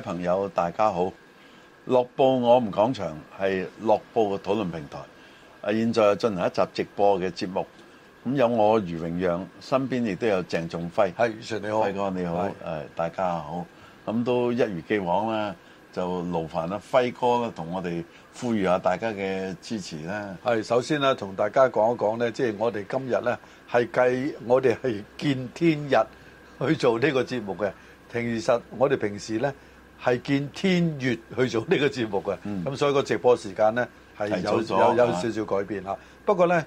朋友大家好，樂布我唔講長，係樂布嘅討論平台，啊，現在進行一集直播嘅節目，咁有我余榮樣，身邊亦都有鄭仲輝，係余 s 你好，輝哥你好，誒、哎、大家好，咁都一如既往啦，就勞煩啦輝哥啦同我哋呼籲下大家嘅支持啦。係首先啦，同大家講一講咧，即、就、係、是、我哋今日咧係計我哋係見天日去做呢個節目嘅，其實我哋平時咧。係見天月去做呢個節目嘅、嗯，咁所以個直播時間呢，係有有有，有少少改變、啊、不過呢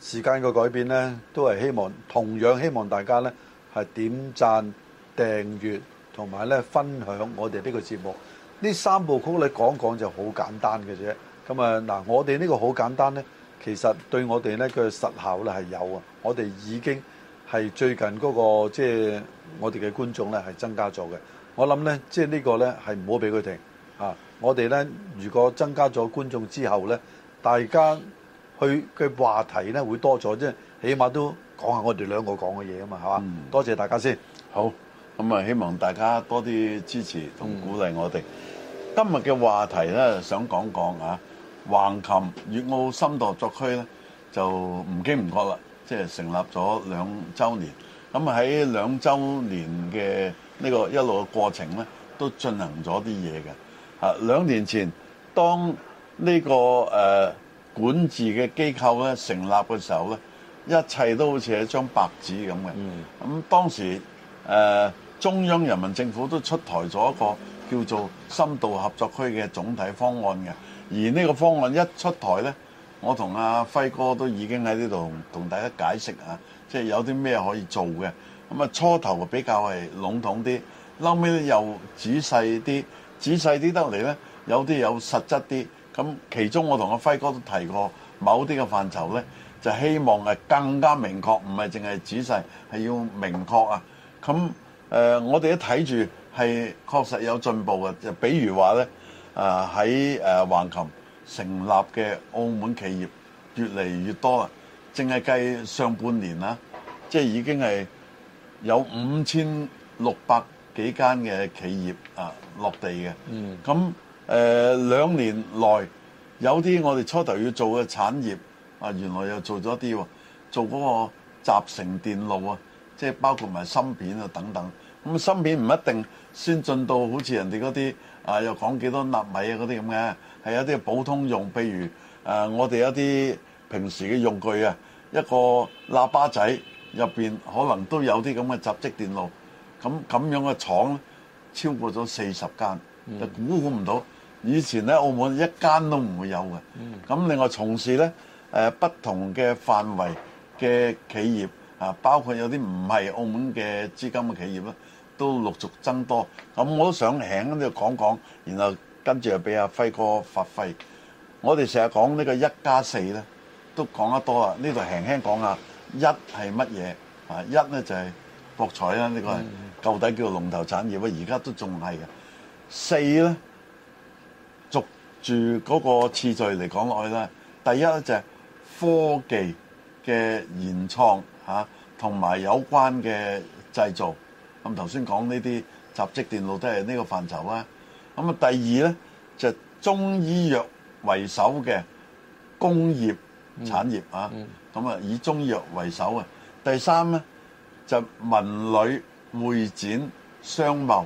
時間嘅改變呢，都係希望同樣希望大家呢，係點讚、訂閱同埋呢分享我哋呢個節目。呢三部曲你講講就好簡單嘅啫。咁啊嗱，我哋呢個好簡單呢，其實對我哋呢個實效呢係有啊。我哋已經係最近嗰、那個即係、就是、我哋嘅觀眾呢，係增加咗嘅。我諗呢，即係呢個呢，係唔好俾佢停啊！我哋呢，如果增加咗觀眾之後呢，大家去嘅話題呢，會多咗，即係起碼都講下我哋兩個講嘅嘢啊嘛，係嘛、嗯？多謝大家先。好，咁啊，希望大家多啲支持同鼓勵我哋、嗯。今日嘅話題呢，想講講啊，橫琴粵澳深度合作區呢，就唔經唔覺啦，即係成立咗兩週年。咁喺兩週年嘅呢個一路嘅過程呢，都進行咗啲嘢嘅。啊，兩年前當呢個誒管治嘅機構呢，成立嘅時候呢，一切都好似係一張白紙咁嘅。咁當時誒中央人民政府都出台咗一個叫做深度合作區嘅總體方案嘅。而呢個方案一出台呢，我同阿輝哥都已經喺呢度同大家解釋啊，即係有啲咩可以做嘅。咁啊，初頭比較係籠統啲，後屘又仔細啲，仔細啲得嚟咧，有啲有實質啲。咁其中我同阿輝哥都提過，某啲嘅範疇咧就希望係更加明確，唔係淨係仔細，係要明確啊。咁誒、呃，我哋一睇住係確實有進步嘅，就比如話咧，啊喺誒橫琴成立嘅澳門企業越嚟越多啦，淨係計上半年啦，即係已經係。有五千六百幾間嘅企業啊落地嘅，咁、呃、誒兩年內有啲我哋初頭要做嘅產業啊，原來又做咗啲喎，做嗰個集成電路啊，即係包括埋芯片啊等等。咁芯片唔一定先進到好似人哋嗰啲啊，又講幾多納米啊嗰啲咁嘅，係有啲普通用，譬如誒、啊、我哋一啲平時嘅用具啊，一個喇叭仔。入邊可能都有啲咁嘅集積電路，咁咁樣嘅廠超過咗四十間，就估估唔到。以前咧，澳門一間都唔會有嘅。咁另外從事咧誒不同嘅範圍嘅企業啊，包括有啲唔係澳門嘅資金嘅企業啦，都陸續增多。咁我都想輕輕地講講，然後跟住又俾阿輝哥發揮。我哋成日講呢個一加四咧，都講得多啊。呢度輕輕講下。一係乜嘢啊？一咧就係博彩啦，呢、這個係舊底叫做龍頭產業，而家都仲係嘅。四咧，逐住嗰個次序嚟講落去啦。第一就係科技嘅原創同埋、啊、有，有關嘅製造。咁頭先講呢啲集積電路都係呢個範疇啦。咁啊，第二咧就係、中醫藥為首嘅工業產業啊。嗯嗯咁啊，以中藥為首啊，第三呢就文旅會展商貿，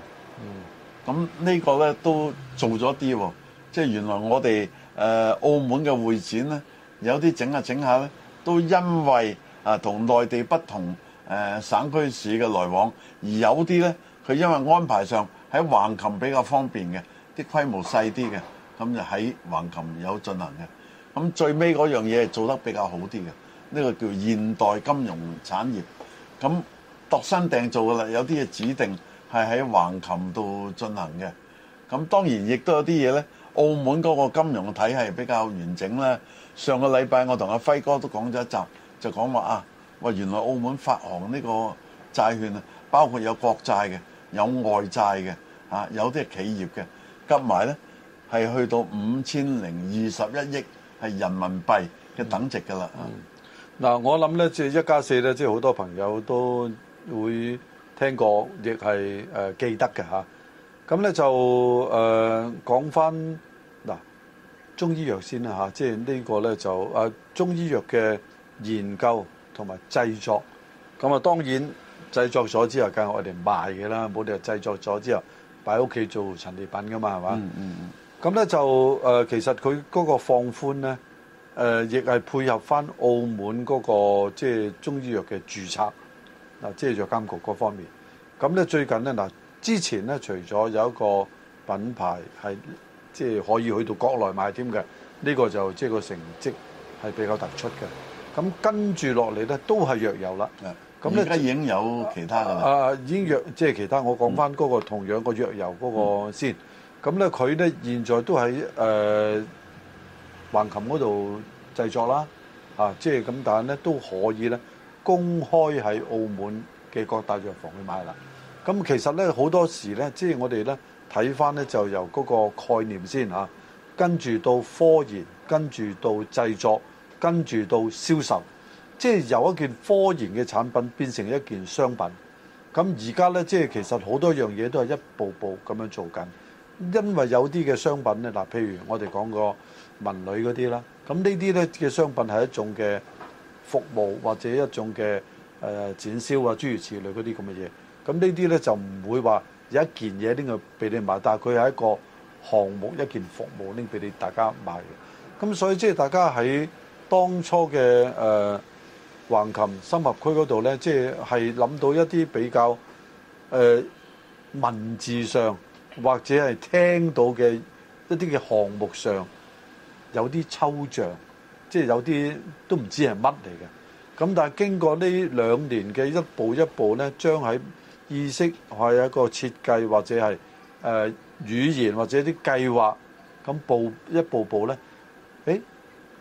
咁呢個呢都做咗啲喎。即係原來我哋誒澳門嘅會展呢，有啲整下整下呢，都因為啊同內地不同誒省區市嘅來往，而有啲呢，佢因為安排上喺橫琴比較方便嘅，啲規模細啲嘅，咁就喺橫琴有進行嘅。咁最尾嗰樣嘢做得比較好啲嘅。呢個叫現代金融產業，咁度身訂做嘅啦，有啲嘢指定係喺橫琴度進行嘅。咁當然亦都有啲嘢呢，澳門嗰個金融嘅體系比較完整啦。上個禮拜我同阿輝哥都講咗一集，就講話啊，話原來澳門發行呢個債券啊，包括有國債嘅，有外債嘅，啊，有啲係企業嘅，加埋呢，係去到五千零二十一億係人民幣嘅等值嘅啦。嗯嗯。嗱，我諗咧，即係一加四咧，即係好多朋友都會聽過，亦係誒記得嘅嚇。咁咧就誒講翻嗱中醫藥先啦嚇，即係呢個咧就誒中醫藥嘅研究同埋製作。咁啊，當然製作咗之後，梗係我哋賣嘅啦，冇理由製作咗之後擺屋企做陳列品噶嘛，係嘛？嗯嗯。咁咧就誒，其實佢嗰個放寬咧。誒、呃，亦係配合翻澳門嗰、那個即係中醫藥嘅註冊嗱，即係藥監局嗰方面。咁咧最近咧嗱，之前咧除咗有一個品牌係即係可以去到國內買添嘅，呢、這個就即係個成績係比較突出嘅。咁跟住落嚟咧，都係藥油啦。咁咧而家已經有其他嘅啦、啊。啊，已經藥即係其他，我講翻嗰個、嗯、同樣個藥油嗰個先。咁咧佢咧現在都喺誒、呃、橫琴嗰度，製作啦，啊，即係咁，但係咧都可以咧，公開喺澳門嘅各大藥房去買啦。咁其實咧好多時咧，即係我哋咧睇翻咧，就由嗰個概念先嚇，啊，跟住到科研，跟住到製作，跟住到銷售，即係由一件科研嘅產品變成一件商品。咁而家咧，即係其實好多樣嘢都係一步步咁樣做緊，因為有啲嘅商品咧，嗱，啊，譬如我哋講個。文旅嗰啲啦，咁呢啲咧嘅商品係一種嘅服務，或者一種嘅誒展銷啊、諸如此類嗰啲咁嘅嘢。咁呢啲咧就唔會話有一件嘢拎去俾你買，但係佢係一個項目、一件服務拎俾你大家買嘅。咁所以即係大家喺當初嘅誒橫琴深合區嗰度咧，即係係諗到一啲比較誒文字上或者係聽到嘅一啲嘅項目上。有啲抽象，即係有啲都唔知係乜嚟嘅。咁但係經過呢兩年嘅一步一步咧，將喺意識，係一個設計或者係誒語言或者啲計劃咁步一步步咧，誒、哎，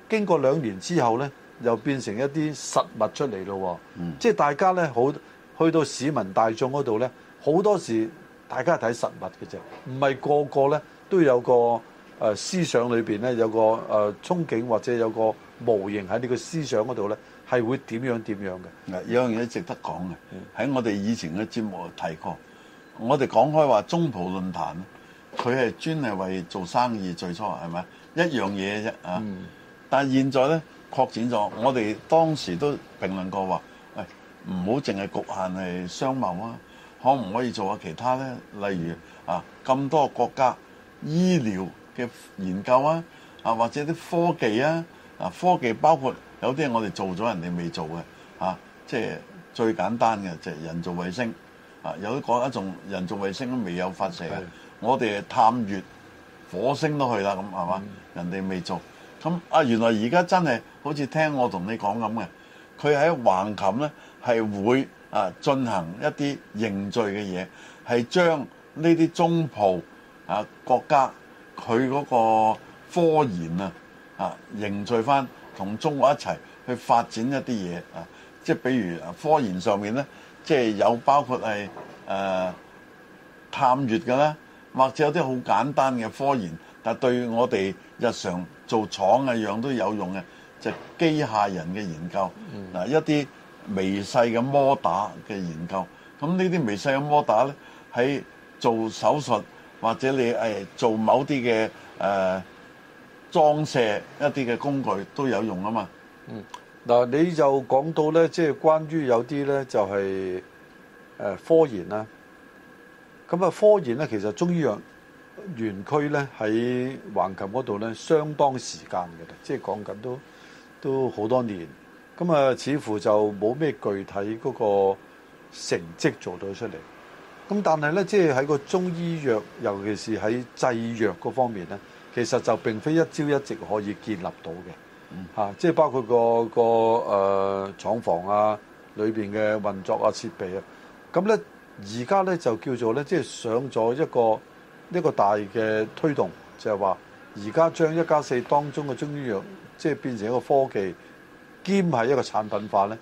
經過兩年之後咧，又變成一啲實物出嚟咯。即係、嗯、大家咧好去到市民大眾嗰度咧，好多時大家係睇實物嘅啫，唔係個個咧都有個。誒思想裏邊咧有個誒憧憬或者有個模型喺你個思想嗰度咧，係會點樣點樣嘅？啊，有樣嘢值得講嘅，喺我哋以前嘅節目提過。我哋講開話中葡論壇佢係專係為做生意最初係咪？一樣嘢啫啊！但係現在咧擴展咗，我哋當時都評論過話，喂，唔好淨係局限係商貿啊，可唔可以做下其他咧？例如啊，咁多國家醫療。嘅研究啊，啊或者啲科技啊，啊科技包括有啲我哋做咗，人哋未做嘅啊，即係最簡單嘅就係人造衛星啊，有啲講一種人造衛星都未有發射，我哋探月火星都去啦，咁係嘛？嗯、人哋未做咁啊，原來而家真係好似聽我同你講咁嘅，佢喺橫琴咧係會啊進行一啲認罪嘅嘢，係將呢啲中葡啊國家。佢嗰個科研啊，啊凝聚翻同中國一齊去發展一啲嘢啊，即係比如科研上面咧，即係有包括係誒探月嘅啦，或者有啲好簡單嘅科研，但係對我哋日常做廠嘅樣都有用嘅，就係機械人嘅研究，嗱，一啲微細嘅摩打嘅研究，咁呢啲微細嘅摩打咧喺做手術，或者你誒做某啲嘅誒裝卸一啲嘅工具都有用啊嘛。嗯，嗱你就講到咧，即係關於有啲咧就係誒科研啦。咁啊，科研咧其實中醫藥園區咧喺橫琴嗰度咧，相當時間嘅啦，即係講緊都都好多年。咁啊，似乎就冇咩具體嗰個成績做到出嚟。咁但係咧，即係喺個中醫藥，尤其是喺製藥嗰方面咧，其實就並非一朝一夕可以建立到嘅嚇。即係包括個個誒廠房啊，裏邊嘅運作啊、設備啊，咁咧而家咧就叫做咧，即係上咗一個一個大嘅推動，就係話而家將一加四當中嘅中醫藥，即係變成一個科技兼係一個產品化咧。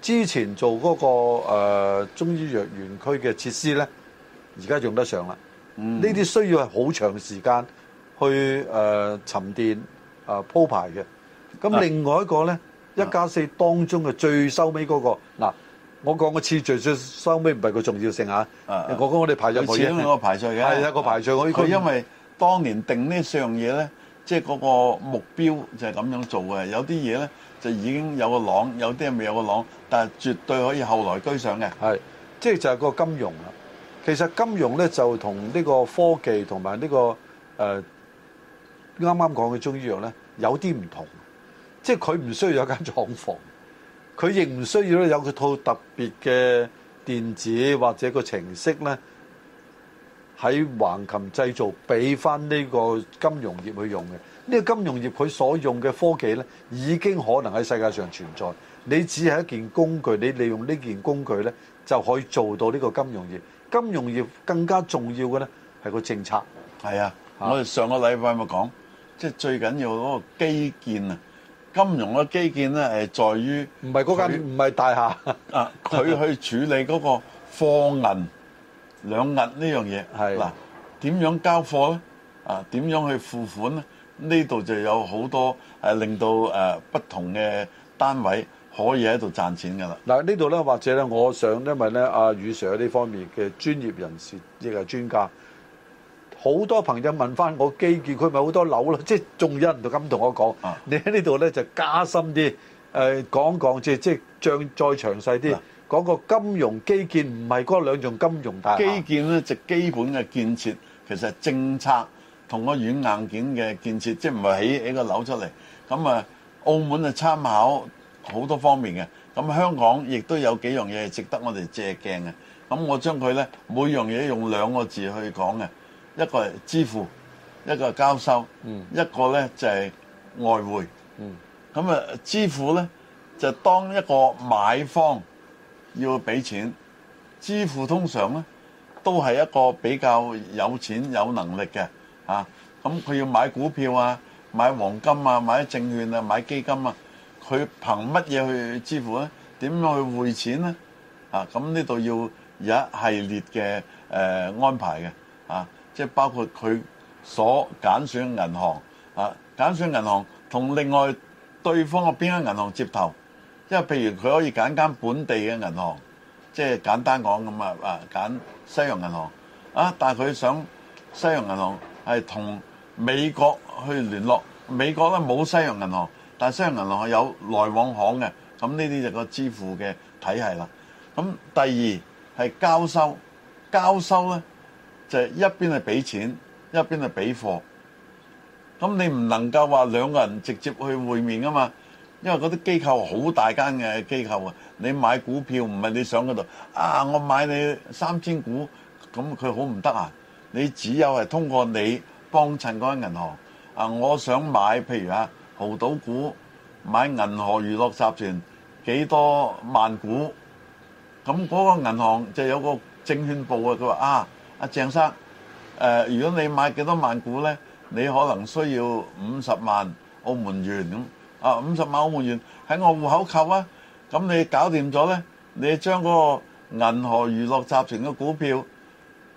之前做嗰、那個、呃、中醫藥園區嘅設施咧，而家用得上啦。呢、嗯、啲需要係好長時間去誒、呃、沉澱、誒、呃、鋪排嘅。咁另外一個咧，一加四當中嘅最收尾嗰個嗱，我講個次序最收尾唔係個重要性嚇、啊啊。我講我哋排序排嘅，係一個排序。佢、啊、因為當年定呢上嘢咧，即係嗰個目標就係咁樣做嘅。有啲嘢咧。就已經有個朗，有啲係未有個朗，但係絕對可以後來居上嘅。係，即係就係個金融啦。其實金融咧就同呢個科技同埋呢個誒啱啱講嘅中醫藥咧有啲唔同，即係佢唔需要有間廠房，佢亦唔需要咧有佢套特別嘅電子或者個程式咧。喺橫琴製造俾翻呢個金融業去用嘅，呢個金融業佢所用嘅科技咧，已經可能喺世界上存在。你只係一件工具，你利用呢件工具咧，就可以做到呢個金融業。金融業更加重要嘅咧，係個政策。係啊，我哋上個禮拜咪講，即係最緊要嗰個基建啊。金融嘅基建咧，係在於唔係嗰間唔係大廈啊，佢去處理嗰個貨銀。兩銀呢樣嘢，嗱點樣交貨咧？啊，點樣去付款？呢度就有好多令到誒不同嘅單位可以喺度賺錢噶啦、啊。嗱，呢度咧或者咧，我想因為咧，阿、啊、余 Sir 呢方面嘅專業人士亦係專家，好多朋友問翻我基建，佢咪好多樓咯？即係仲一唔到咁同我講、啊，你喺呢度咧就加深啲誒、呃、講講，即係即係將再詳細啲。啊。講個金融基建唔係嗰兩種金融大廈，基建咧就基本嘅建設，其實政策同個軟硬件嘅建設，即係唔係起起個樓出嚟。咁啊，澳門啊參考好多方面嘅，咁香港亦都有幾樣嘢係值得我哋借鏡嘅。咁我將佢咧每樣嘢用兩個字去講嘅，一個係支付，一個係交收，一個咧就係外匯。咁啊，支付咧就當一個買方。要俾錢支付，通常咧都係一個比較有錢有能力嘅啊。咁佢要買股票啊，買黃金啊，買證券啊，買基金啊，佢憑乜嘢去支付呢？點樣去匯錢呢？啊，咁呢度要有一系列嘅、呃、安排嘅啊，即係包括佢所揀選銀行啊，揀選銀行同另外對方嘅邊間銀行接頭。因為譬如佢可以揀間本地嘅銀行，即係簡單講咁啊，揀西洋銀行啊，但係佢想西洋銀行係同美國去聯絡，美國咧冇西洋銀行，但係西洋銀行係有來往行嘅，咁呢啲就個支付嘅體系啦。咁第二係交收，交收呢就係一邊係俾錢，一邊係俾貨。咁你唔能夠話兩個人直接去會面㗎嘛？因為嗰啲機構好大間嘅機構啊，你買股票唔係你想嗰度啊？我買你三千股，咁佢好唔得閒啊？你只有係通過你幫襯嗰間銀行啊，我想買譬如啊濠賭股，買銀河娛樂集團幾多萬股？咁嗰個銀行就有個證券部他說啊，佢話啊，阿鄭生，誒、呃、如果你買幾多萬股呢，你可能需要五十萬澳門元咁。啊，五十萬澳門元喺我戶口扣啊！咁你搞掂咗咧，你將嗰個銀河娛樂集團嘅股票，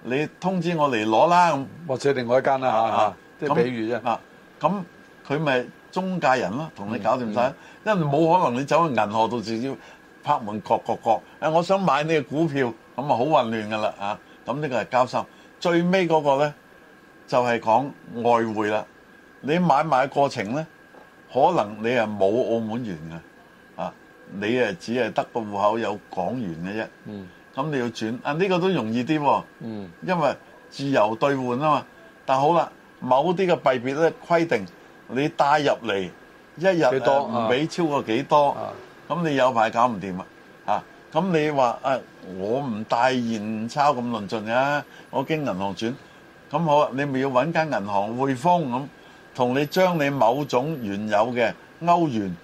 你通知我嚟攞啦咁。或者另外一間啦嚇，即係比喻啫。啊，咁佢咪中介人咯，同你搞掂曬，因為冇可能你走去銀河度直接拍門槓槓槓，誒我想買你嘅股票，咁啊好混亂噶啦啊！咁呢個係交收。最尾嗰個咧，就係講外匯啦。你買賣嘅過程咧？可能你係冇澳門元嘅，啊，你誒只係得個戶口有港元嘅啫。嗯，咁你要轉啊？呢個都容易啲喎、哦。嗯，因為自由兌換啊嘛。但好啦，某啲嘅幣別咧規定，你帶入嚟一日當唔俾、啊、超過幾多？咁、啊、你有排搞唔掂啊？嚇、啊！咁你話誒、啊，我唔帶現鈔咁論盡嘅、啊，我經銀行轉，咁好啊？你咪要揾間銀行匯豐咁。同你將你某種原有嘅歐元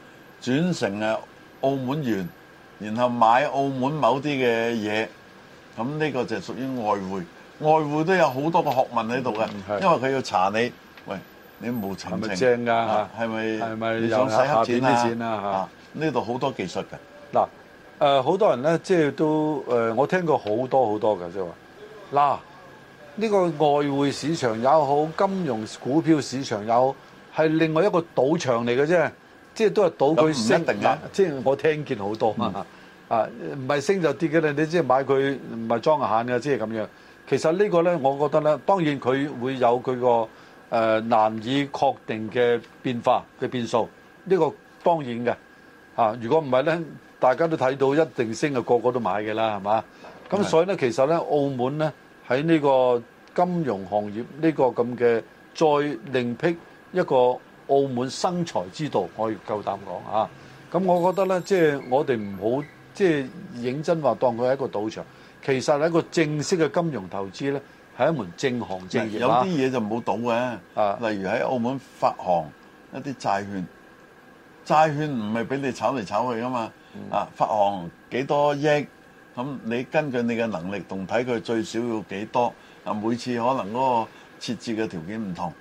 轉成啊澳門元，然後買澳門某啲嘅嘢，咁、這、呢個就屬於外匯。外匯都有好多嘅學問喺度嘅，因為佢要查你，喂，你冇存證嚇，係咪、啊？係咪想洗黑錢啊？嚇、啊，呢度好多技術嘅。嗱、呃，誒、呃、好多人咧，即係都、呃、我聽過好多好多嘅，即係話嗱。呃呢、這個外匯市場也好，金融股票市場也好，係另外一個賭場嚟嘅啫，即係都係賭佢升，一定即係我聽見好多、嗯、啊，唔係升就跌嘅咧，你即係買佢唔係裝下眼嘅，即係咁樣。其實呢個呢，我覺得呢，當然佢會有佢個誒難以確定嘅變化嘅變數，呢、這個當然嘅嚇、啊。如果唔係呢，大家都睇到一定升嘅，個個都買嘅啦，係嘛？咁所以呢，其實呢，澳門呢。喺呢個金融行業呢、呢個咁嘅，再另闢一個澳門生財之道，我亦夠膽講啊！咁我覺得呢，即係我哋唔好即係認真話當佢係一個賭場，其實係一個正式嘅金融投資呢，係一門正行正業、啊、有啲嘢就唔好賭嘅、啊，例如喺澳門發行一啲債券，債券唔係俾你炒嚟炒去噶嘛，啊發行幾多億。咁你根據你嘅能力，同睇佢最少要幾多？啊，每次可能嗰個設置嘅條件唔同，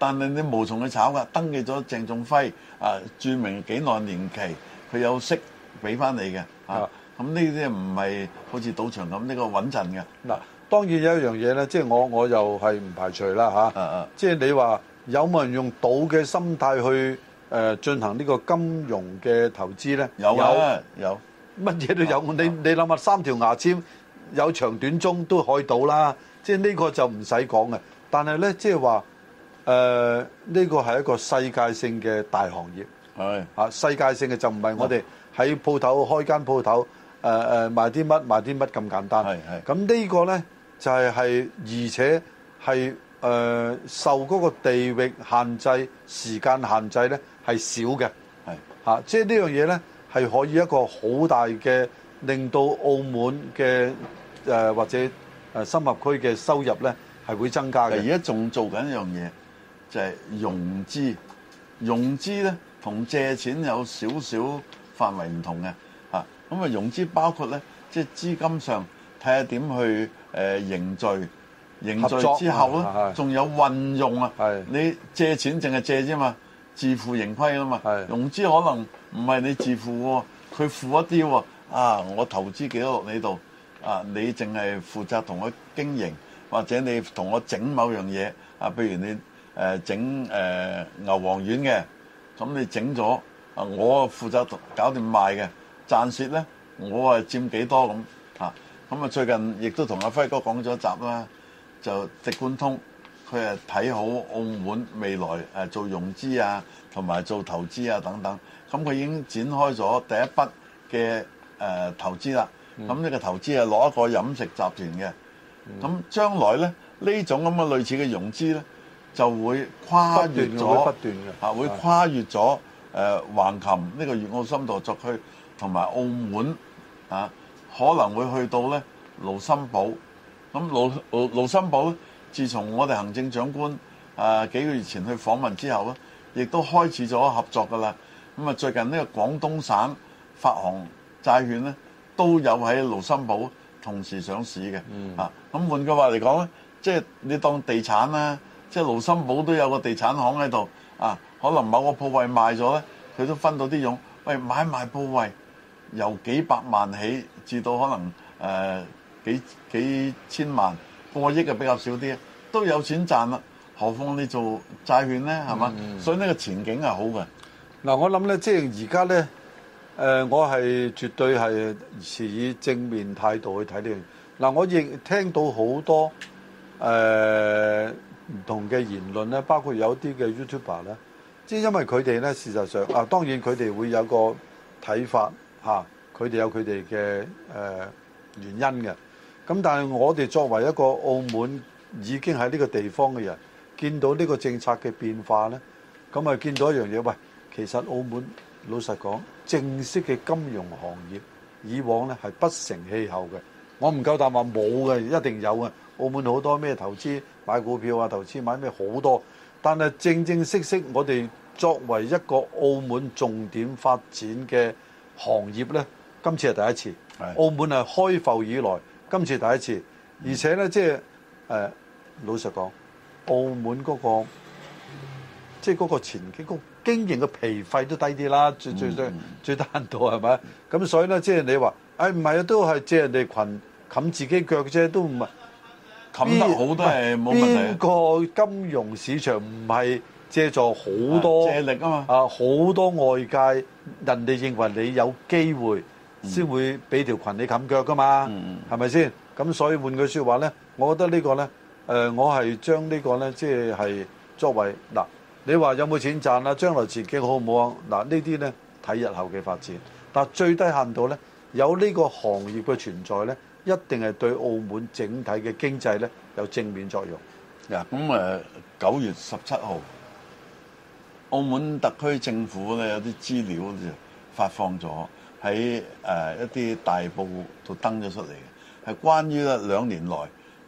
但係你無從去炒㗎。登記咗鄭仲輝啊，註明幾耐年期，佢有息俾翻你嘅。啊，咁呢啲唔係好似賭場咁呢個穩陣嘅。嗱，當然有一樣嘢咧，即係我我又係唔排除啦吓。即係你話有冇人用賭嘅心態去誒進行呢個金融嘅投資咧？有啊，有啊。有乜嘢都有，啊、你你諗下三條牙籤有長短中都可以到啦，即係呢個就唔使講嘅。但係咧，即係話誒呢個係一個世界性嘅大行業，係嚇、啊、世界性嘅就唔係我哋喺鋪頭開間鋪頭誒誒賣啲乜賣啲乜咁簡單，係係。咁呢個咧就係、是、係而且係誒、呃、受嗰個地域限制、時間限制咧係少嘅，係嚇、啊、即係呢樣嘢咧。係可以一個好大嘅，令到澳門嘅誒、呃、或者誒深合區嘅收入咧係會增加嘅。而家仲做緊一樣嘢，就係、是、融資。融資咧同借錢有少少範圍唔同嘅嚇。咁啊融資包括咧，即係資金上睇下點去誒、呃、凝聚凝聚之後咧，仲、啊、有運用啊。係你借錢淨係借啫嘛，自負盈虧啊嘛。係融資可能。唔係你自負喎，佢富一啲喎。啊，啊，我投資幾多落你度，啊，你淨係負責同我經營，或者你同我整某樣嘢。啊，譬如你誒整誒牛黃丸嘅，咁你整咗，啊，我負責搞掂賣嘅，賺蝕呢，我係佔幾多咁？嚇，咁啊最近亦都同阿輝哥講咗一集啦，就直貫通，佢係睇好澳門未來做融資啊，同埋做投資啊等等。咁佢已經展開咗第一筆嘅誒投資啦。咁呢個投資係攞一個飲食集團嘅。咁將來咧，呢種咁嘅類似嘅融資咧，就會跨越咗不斷嘅啊，會跨越咗誒橫琴呢個粵澳深度合作區同埋澳門啊，可能會去到咧盧森堡。咁盧森堡自從我哋行政長官啊幾個月前去訪問之後呢，亦都開始咗合作噶啦。咁啊，最近呢個廣東省發行債券咧，都有喺盧森堡同時上市嘅。啊，咁換句話嚟講咧，即係你當地產啦，即係盧森堡都有個地產行喺度。啊，可能某個鋪位賣咗咧，佢都分到啲傭。喂，買賣鋪位由幾百萬起至到可能誒幾幾千萬、過億就比較少啲，都有錢賺啦。何況你做債券咧，係嘛？嗯嗯，所以呢個前景係好嘅。嗱，我諗咧，即係而家咧，誒，我係絕對係持以正面態度去睇呢樣。嗱，我亦聽到好多誒唔同嘅言論咧，包括有啲嘅 YouTuber 咧，即係因為佢哋咧，事實上啊，當然佢哋會有個睇法嚇，佢哋有佢哋嘅誒原因嘅。咁但係我哋作為一個澳門已經喺呢個地方嘅人，見到呢個政策嘅變化咧，咁啊見到一樣嘢，喂！其實澳門老實講，正式嘅金融行業以往呢係不成氣候嘅。我唔夠膽話冇嘅，一定有嘅。澳門好多咩投資買股票啊，投資買咩好多。但係正正式式，我哋作為一個澳門重點發展嘅行業呢，今次係第一次。澳門係開埠以來今次第一次，而且呢，即係誒老實講，澳門嗰個。即係嗰個前幾、嗰個經營嘅皮費都低啲啦，最、嗯、最最最難度係咪？咁、嗯、所以咧，即、就、係、是、你話誒唔係啊，都係借人哋群冚自己腳啫，都唔係冚得好，都係冇問題。呢個金融市場唔係借助好多、啊、借力啊嘛啊，好多外界人哋認為你有機會先會俾條群你冚腳㗎嘛，係咪先？咁所以換句説話咧，我覺得個呢、呃、個咧，誒我係將呢個咧，即係係作為嗱。你話有冇錢賺啊？將來自己好唔好啊？嗱，呢啲呢睇日後嘅發展。但最低限度呢，有呢個行業嘅存在呢，一定係對澳門整體嘅經濟呢有正面作用。嗱、嗯，咁誒九月十七號，澳門特區政府呢，有啲資料就發放咗喺誒一啲大報度登咗出嚟嘅，係關於咧兩年來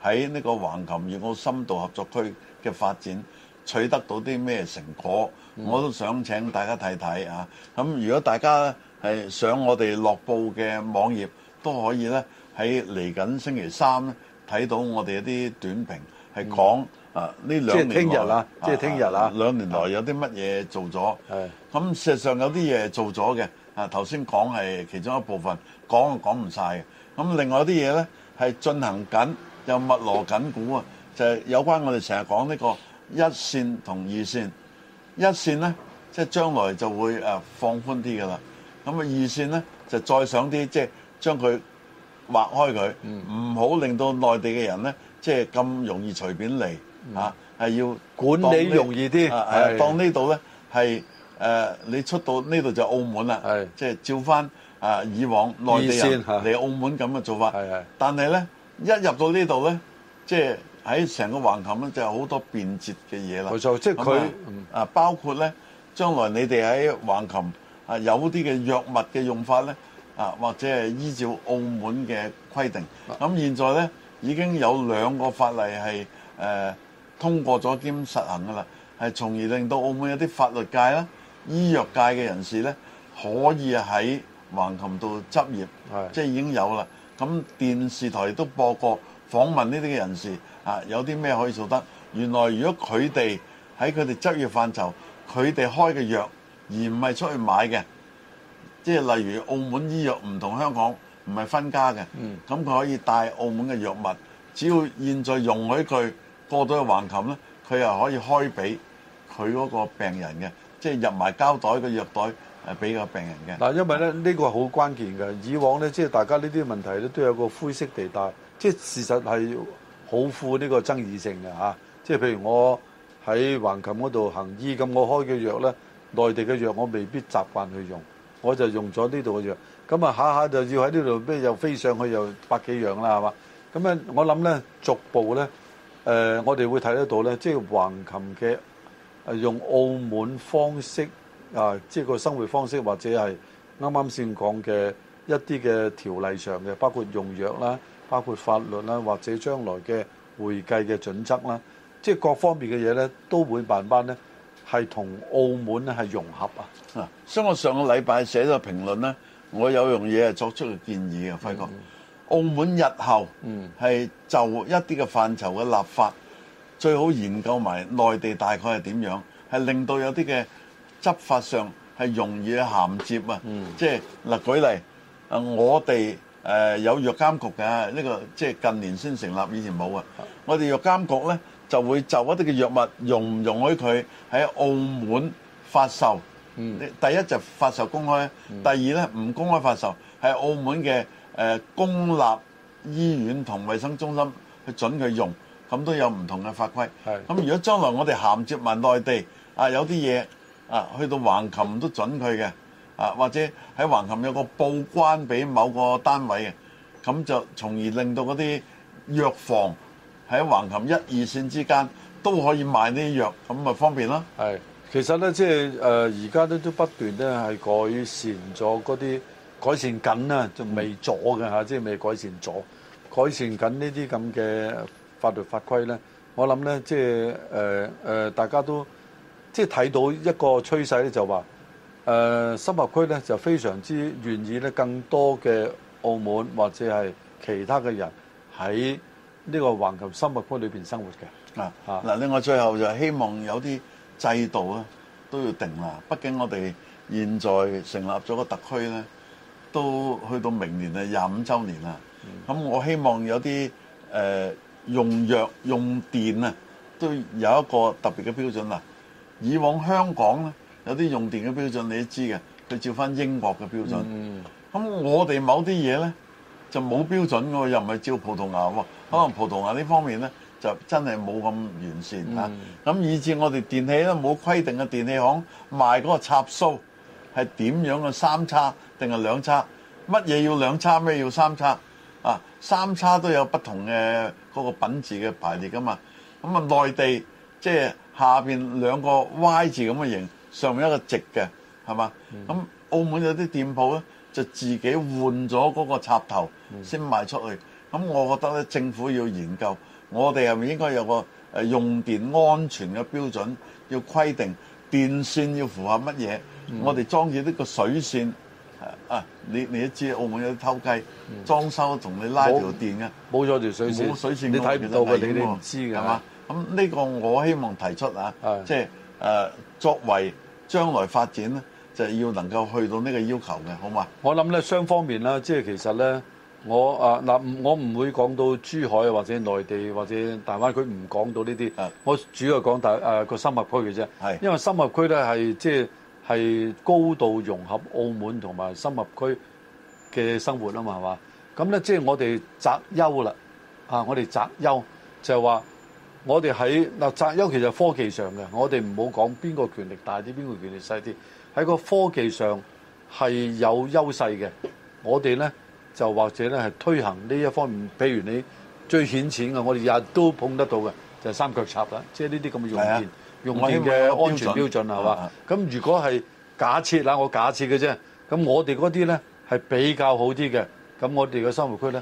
喺呢個橫琴粵澳深度合作區嘅發展。取得到啲咩成果，我都想請大家睇睇啊、嗯！咁如果大家係上我哋樂報嘅網頁都可以咧喺嚟緊星期三睇到我哋一啲短評，係講啊呢兩年即係聽日啦，即係聽日啦，兩、啊、年內有啲乜嘢做咗？咁、嗯、事實上有啲嘢做咗嘅，啊頭先講係其中一部分，講就講唔晒嘅。咁另外啲嘢咧係進行緊，又密鑼緊鼓啊，就係、有關我哋成日講呢個。一線同二線，一線咧即係將來就會誒放寬啲㗎啦。咁啊二線咧就再上啲，即係將佢劃開佢，唔好令到內地嘅人咧即係咁容易隨便嚟、嗯、啊。係要你管理容易啲、啊，當呢度咧係誒你出到呢度就澳門啦，即係照翻啊、呃、以往內地人嚟澳門咁嘅做法。但係咧一入到呢度咧即係。喺成個橫琴咧，就有好多便捷嘅嘢啦。冇錯，即係佢啊，包括咧，將來你哋喺橫琴啊，有啲嘅藥物嘅用法咧啊，或者係依照澳門嘅規定。咁現在咧已經有兩個法例係誒、呃、通過咗兼實行㗎啦，係從而令到澳門有啲法律界啦、醫藥界嘅人士咧可以喺橫琴度執業，是即係已經有啦。咁、嗯、電視台都播過。訪問呢啲嘅人士，啊，有啲咩可以做得？原來如果佢哋喺佢哋執業範疇，佢哋開嘅藥，而唔係出去買嘅，即係例如澳門醫藥唔同香港，唔係分家嘅，咁佢可以帶澳門嘅藥物，只要現在容許佢過到去橫琴，呢佢又可以開俾佢嗰個病人嘅，即係入埋膠袋嘅藥袋，畀俾個病人嘅。嗱，因為咧呢個係好關鍵嘅，以往呢，即係大家呢啲問題咧都有個灰色地帶。即係事實係好富呢個爭議性嘅嚇。即係譬如我喺橫琴嗰度行醫咁，我開嘅藥呢，內地嘅藥我未必習慣去用，我就用咗呢度嘅藥。咁啊，下下就要喺呢度咩，又飛上去又百幾樣啦，係嘛？咁咧我諗呢逐步呢，誒，我哋會睇得到呢，即係橫琴嘅用澳門方式啊，即係個生活方式或者係啱啱先講嘅一啲嘅條例上嘅，包括用藥啦。包括法律啦，或者將來嘅會計嘅準則啦，即係各方面嘅嘢咧，都會慢慢咧，係同澳門係融合啊。嗱，所以我上個禮拜寫咗個評論咧，我有樣嘢係作出個建議嘅，輝哥，澳門日後係就一啲嘅範疇嘅立法，最好研究埋內地大概係點樣，係令到有啲嘅執法上係容易嘅銜接啊。即係嗱，舉例誒，我哋。誒有藥監局嘅呢個，即係近年先成立，以前冇啊。我哋藥監局呢就會就一啲嘅藥物容唔容許佢喺澳門發售，第一就發售公開，第二呢唔公開發售，喺澳門嘅誒公立醫院同衞生中心去準佢用，咁都有唔同嘅法規。咁如果將來我哋銜接埋內地啊，有啲嘢啊去到橫琴都準佢嘅。啊，或者喺橫琴有個報關俾某個單位嘅，咁就從而令到嗰啲藥房喺橫琴一、二線之間都可以賣呢啲藥，咁咪方便咯。係，其實咧，即係誒，而家咧都不斷咧係改善咗嗰啲改善緊啊，就未咗嘅嚇，即係未改善咗，改善緊呢啲咁嘅法律法規咧。我諗咧，即係誒、呃呃、大家都即係睇到一個趨勢咧，就話。誒、呃、深合區咧就非常之願意咧，更多嘅澳門或者係其他嘅人喺呢個橫琴深合區裏面生活嘅。嗱、啊，啊、另外，最後就希望有啲制度啊都要定啦。畢竟我哋現在成立咗個特區咧，都去到明年啊廿五週年啦。咁、嗯、我希望有啲誒、呃、用藥用電啊，都有一個特別嘅標準啦、啊。以往香港咧。有啲用電嘅標準你都知嘅，佢照返英國嘅標準。咁、嗯、我哋某啲嘢呢，就冇標準嘅，又唔係照葡萄牙喎。可能葡萄牙呢方面呢，嗯、就真係冇咁完善啊。咁、嗯、以至我哋電器都冇規定嘅，電器行賣嗰個插蘇係點樣嘅，三叉定係兩叉？乜嘢要兩叉，咩要三叉？啊，三叉都有不同嘅嗰個品字嘅排列㗎嘛。咁啊，內地即係、就是、下面兩個 Y 字咁嘅形。上面一個直嘅，係嘛？咁澳門有啲店鋪咧，就自己換咗嗰個插頭先賣出去。咁我覺得咧，政府要研究，我哋係咪應該有個誒用電安全嘅標準，要規定電線要符合乜嘢？我哋裝住呢個水線啊！你你都知，澳門有啲偷雞裝修同你拉條電嘅，冇咗條水線，冇水線你睇唔到你都唔知㗎，係嘛？咁呢個我希望提出啊，即係誒作為。將來發展咧，就係要能夠去到呢個要求嘅，好嘛？我諗咧雙方面啦，即係其實咧，我啊嗱、呃，我唔會講到珠海或者內地或者大灣區唔講到呢啲，我主要講大誒、呃、個深合區嘅啫。係因為深合區咧係即係係高度融合澳門同埋深合區嘅生活啊嘛，係嘛？咁咧即係我哋擇優啦，啊我哋擇優就係、是、話。我哋喺嗱，尤其就科技上嘅，我哋唔好講邊個權力大啲，邊個權力細啲，喺個科技上係有優勢嘅。我哋咧就或者咧係推行呢一方面，譬如你最顯淺嘅，我哋日日都碰得到嘅就係、是、三腳插啦，即係呢啲咁嘅用電、啊、用電嘅安全標準，係嘛、啊？咁、啊、如果係假設啦，我假設嘅啫，咁我哋嗰啲咧係比較好啲嘅。咁我哋嘅生活區咧，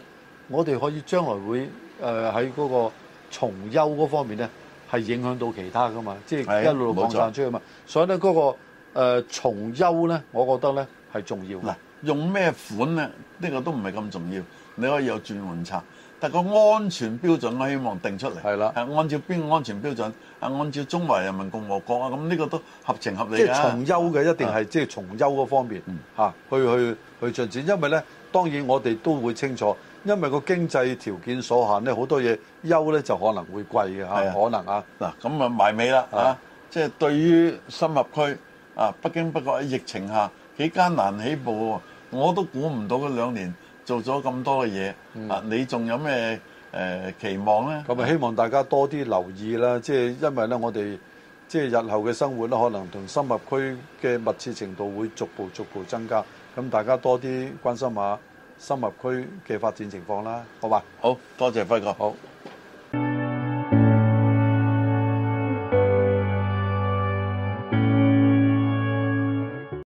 我哋可以將來會誒喺嗰個。重優嗰方面咧，係影響到其他㗎嘛，即係一路路擴散出去嘛。所以咧、那、嗰個、呃、重優咧，我覺得咧係重要。嗱，用咩款咧？呢、這個都唔係咁重要。你可以有轉換插。但個安全標準我希望定出嚟。係啦，係按照邊個安全標準？按照中華人民共和國啊，咁、這、呢個都合情合理的、啊的。即係重優嘅一定係即係重優嗰方面、嗯、去去去進展，因為咧當然我哋都會清楚。因為個經濟條件所限咧，好多嘢優咧就可能會貴嘅、啊、可能啊嗱咁啊埋尾啦嚇，即、啊、係、就是、對於深合區啊，不經不覺喺疫情下幾艱難起步、啊、我都估唔到佢兩年做咗咁多嘅嘢啊！你仲有咩誒、呃、期望咧？咁啊，希望大家多啲留意啦，即、就、係、是、因為咧，我哋即係日後嘅生活咧，可能同深合區嘅密切程度會逐步逐步增加，咁大家多啲關心下。新界區嘅發展情況啦，好吧？好多謝，謝輝哥，好。